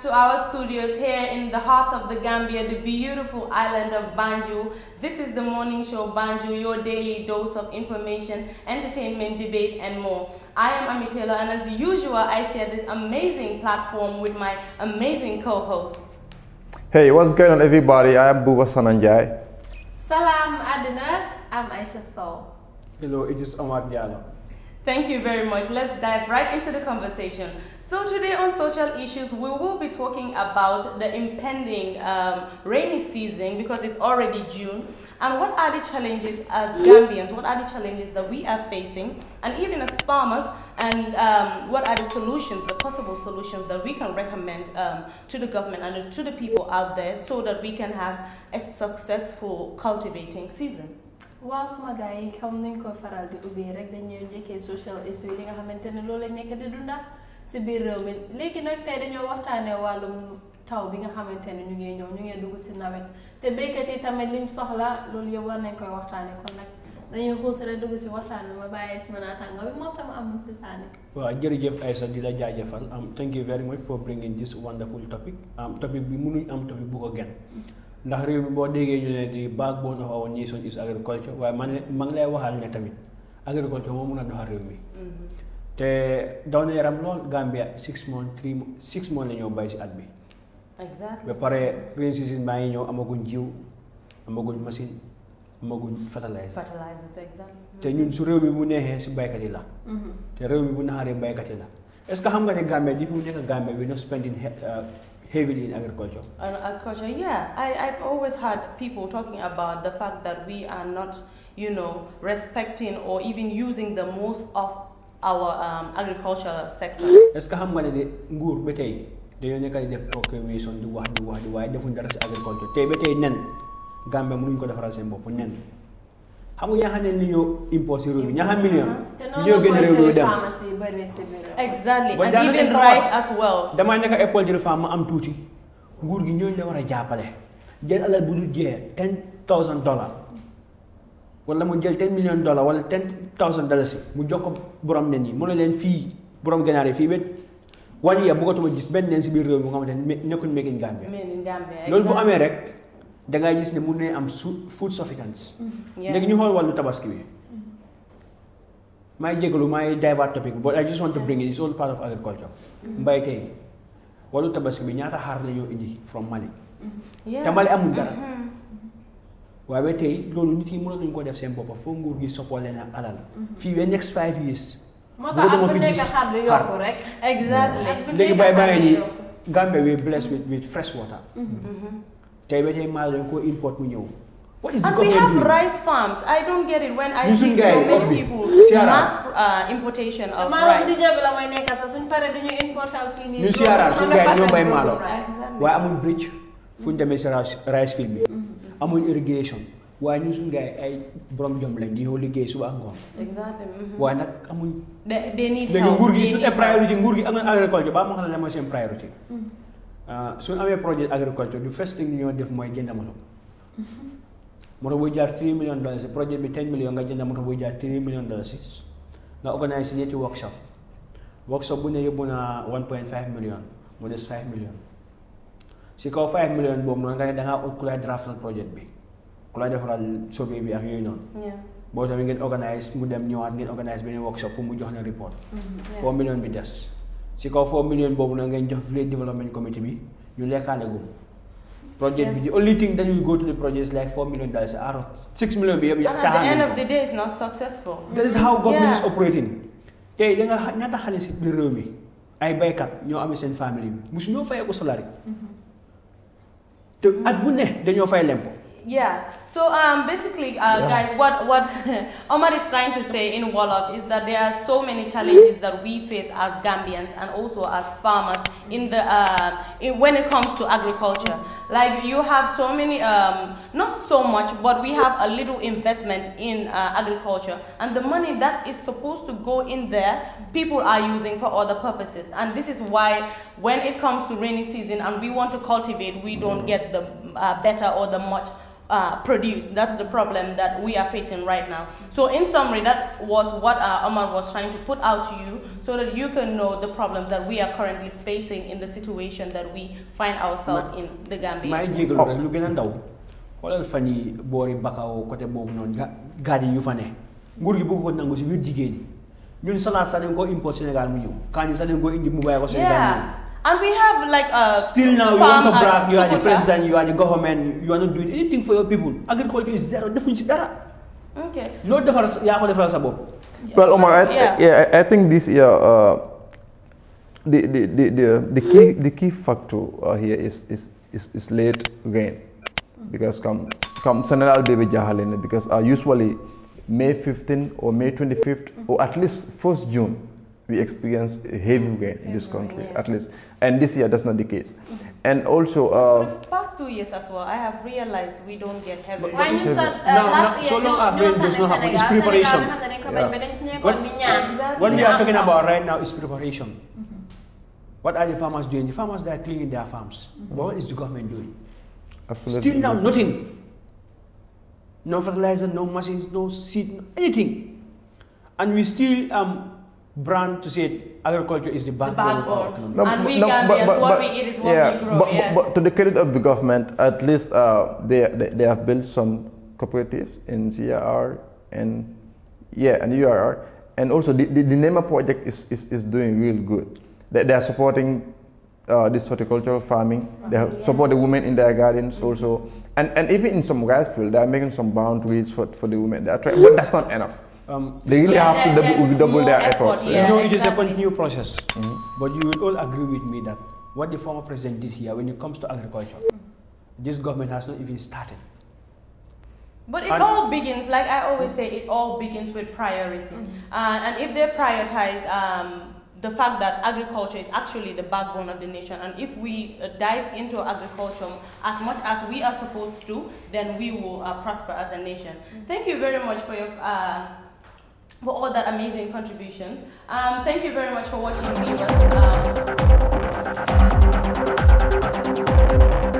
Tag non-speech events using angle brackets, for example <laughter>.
to our studios here in the heart of the Gambia, the beautiful island of Banjul. This is the morning show Banjul, your daily dose of information, entertainment, debate, and more. I am Ami Taylor, and as usual, I share this amazing platform with my amazing co-host. Hey, what's going on, everybody? I am Buba Sananjay. Salam Adina. I'm Aisha Saul. Hello, it is Omar Diallo. Thank you very much. Let's dive right into the conversation. So today on social issues, we will be talking about the impending um, rainy season because it's already June. And what are the challenges as Gambians? What are the challenges that we are facing? And even as farmers, and um, what are the solutions, the possible solutions that we can recommend um, to the government and to the people out there so that we can have a successful cultivating season? waaw suma gars yi ñëw social issue si biir réew mi léegi nag tey dañoo waxtaanee wàllum taw bi nga xamante ne ñu ngi ñëw ñu ngi dugg si nawet te béykat yi tamit liñ soxla loolu yëpp war nañ koy waxtaanee kon nag dañuy xuus dugg si waxtaan bi ma bàyyi sama naataango bi moom tam am si saani. waaw jërëjëf Aïssa di la jaajëfal am um, thank you very much for bringing this wonderful topic am um, topic bi mu mënuñ am topic bu ko gën. ndax réew mi boo déggee ñu ne di backbone of our nation is agriculture waaye man ma ngi lay waxal ne tamit agriculture moo mun a doxal réew mi. Mm-hmm. te down na yaram lool Gambia six months three six months la ñoo bay si at bi. Exactly. ba pare rain season baa ngi ñëw amaguñ jiw machine amaguñ fertilizer. fertilizer te ñun su réew mi bu neexee si baykat yi la. Mm-hmm. te réew mi bu naxaaree baykat yi la est ce que xam nga ne Gambia di bu nekk Gambia we not spending uh, heavily in agriculture. agriculture, yeah. I, I've always heard people talking about the fact that we are not, you know, respecting or even using the most of our um, agricultural sector. est-ce que xam nga ne de nguur ba tey dañoo nekk di def proclamation di wax di wax di waaye defuñ dara si agriculture tey ba tey nen Gambia mënuñ ko defaral seen bopp nen xam nga ñaa xam ne ni ñoo imposé réew mi ñaa xam million ñoo gën a réew mi dem exactly and even rice as well damaa nekk ay poultry ma am tuuti nguur gi ñooñu la war a jàppale jël alal bu dul jeex ten thousand dollars wala mu jël 10 million dollar wala 10000 dalasi mu jox ko borom nen yi mu ne leen fii borom ganaar yi fii ba wàññi ya bëggatuma gis benn nen si biir réew mi nga xamante ne nekkul made in Gambia loolu bu amee rek da ngay gis ne mun ne am food sufficiency mm-hmm, léegi ñu xool wàllu tabaski bi may mm-hmm. jégalu may divert topic but I just want to bring it it's all part of agriculture mm-hmm. mbay tey wàllu tabaski bi ñaata xaar la ñoo indi from Mali te Mali amul dara waaye tey loolu nit yi mënatuñ ko def seen bopp foo nguur gi soppal leen ak alal. fii ba next five years. moo tax bu nekk xar du rek. exactement léegi bàyyi Gambia we blessed with with fresh water. Mm-hmm. Mm-hmm. tey ba tey maa leen ko import mu ñëw. What is and we have rice farms. I don't get it when I see so many people mass uh, importation of rice. ñu Sierra suñu gars yi ñoo bay maalo waaye amul bridge fu demee si rice field bi mm-hmm. amuñ irrigation waaye ñun suñu gars yi ay borom jom lañ di yow liggéey suba ak ngoon. exactement mhm. waaye nag amuñ. da léegi nguur gi suñu priorité nguur gi am na agriculture ba mu xam ne mooy seen priorité. Mhm. Ah, suñu amee projet agriculture du first thing ñoo def mooy jënd moto. Mhm. moto buy jaar 3 millions dollars si projet bi 10 millions nga jënd moto buy jaar 3 millions dollars si nga si ñetti workshop workshop bu ne yóbbu naa 1.5 million mu des 5 millions. si kaw 5 million boobu noonu nga ne da ngaa ut ku lay draftal projet bi ku lay defaral survey bi ak yooyu noonu. boo tamit ngeen organise mu dem ñëwaat ngeen organise beneen workshop pour mu jox leen report. 4 mm-hmm, million bi des. si kaw 4 million boobu na ngeen jox village development committee bi ñu lekkaale gum project bi the only thing that we go to the project is like four million dollars out of six million bi yëpp yaa tax at the end of the day it's not successful that is tey danga ñaata xale si biir réew mi ay baykat ñoo amee seen famille bi musu ñoo fayee The at bu ne dañoo fay lempo. So um, basically, uh, yeah. guys, what, what <laughs> Omar is trying to say in Wolof is that there are so many challenges that we face as Gambians and also as farmers in the, uh, in, when it comes to agriculture. Like you have so many, um, not so much, but we have a little investment in uh, agriculture. And the money that is supposed to go in there, people are using for other purposes. And this is why when it comes to rainy season and we want to cultivate, we don't mm. get the uh, better or the much uh, produce. That's the problem that we are facing right now. So, in summary, that was what uh, Omar was trying to put out to you so that you can know the problems that we are currently facing in the situation that we find ourselves in the Gambia. My jiggle rek lu gëna ndaw xolal fan yi boori kote côté bobu non gadi ñu fa ne nguur gi bëgg ko nangu ci biir jigéen ñun salaat sa import Sénégal mu ñëw kaani sa ko indi mu bàyyi ko Sénégal and we have like a still now you want to brag, you are the president, you are the government, you are not doing anything for your people. Agriculture is zero difference. Okay. No difference. Yeah, no difference about. Well, Omar, I yeah. yeah, I think this year. Uh, the, the, the, the, the, key, the key factor uh, here is, is, is, is late rain because come come Senegal David Jahalene because uh, usually May 15 or May 25th or at least 1st June we experience heavy rain in this country yeah. at least and this year that's not the case mm-hmm. and also uh, the past two years as well i have realized we don't get heavy rain. Heavy. uh, no, no, so long as rain does not happen it's preparation yeah. what, what we are talking about right now is preparation mm -hmm. what are the farmers doing the farmers they are cleaning their farms mm -hmm. but what is the government doing Absolutely. still now nothing no fertilizer no machines no seed no anything and we still um, brand to say agriculture is the backbone, of economy. No, and we no, Gambians, but, but, what but, we eat is what yeah, we grow. But, yeah. but, to the credit of the government, at least uh, they, they, they, have built some cooperatives in CIR and yeah, and URR. And also the, the, the NEMA project is, is, is doing real good. They, they are supporting uh, this horticultural farming. they yeah. support the women in their gardens mm -hmm. also. And, and even in some rice field, they are making some boundaries for, for the women. They are trying, but that's not enough um, really have to double, double their effort, efforts. Yeah. You know, it exactly. is a continuous process. Mm -hmm. But you will all agree with me that what the former president did here when it comes to agriculture, mm -hmm. this government has not even started. But it and all begins, like I always say, it all begins with priority. Mm -hmm. uh, and if they prioritize um, the fact that agriculture is actually the backbone of the nation, and if we uh, dive into agriculture as much as we are supposed to, then we will uh, prosper as a nation. Mm. Thank you very much for your. Uh, for all that amazing contribution. Um, thank you very much for watching, viewers. Um,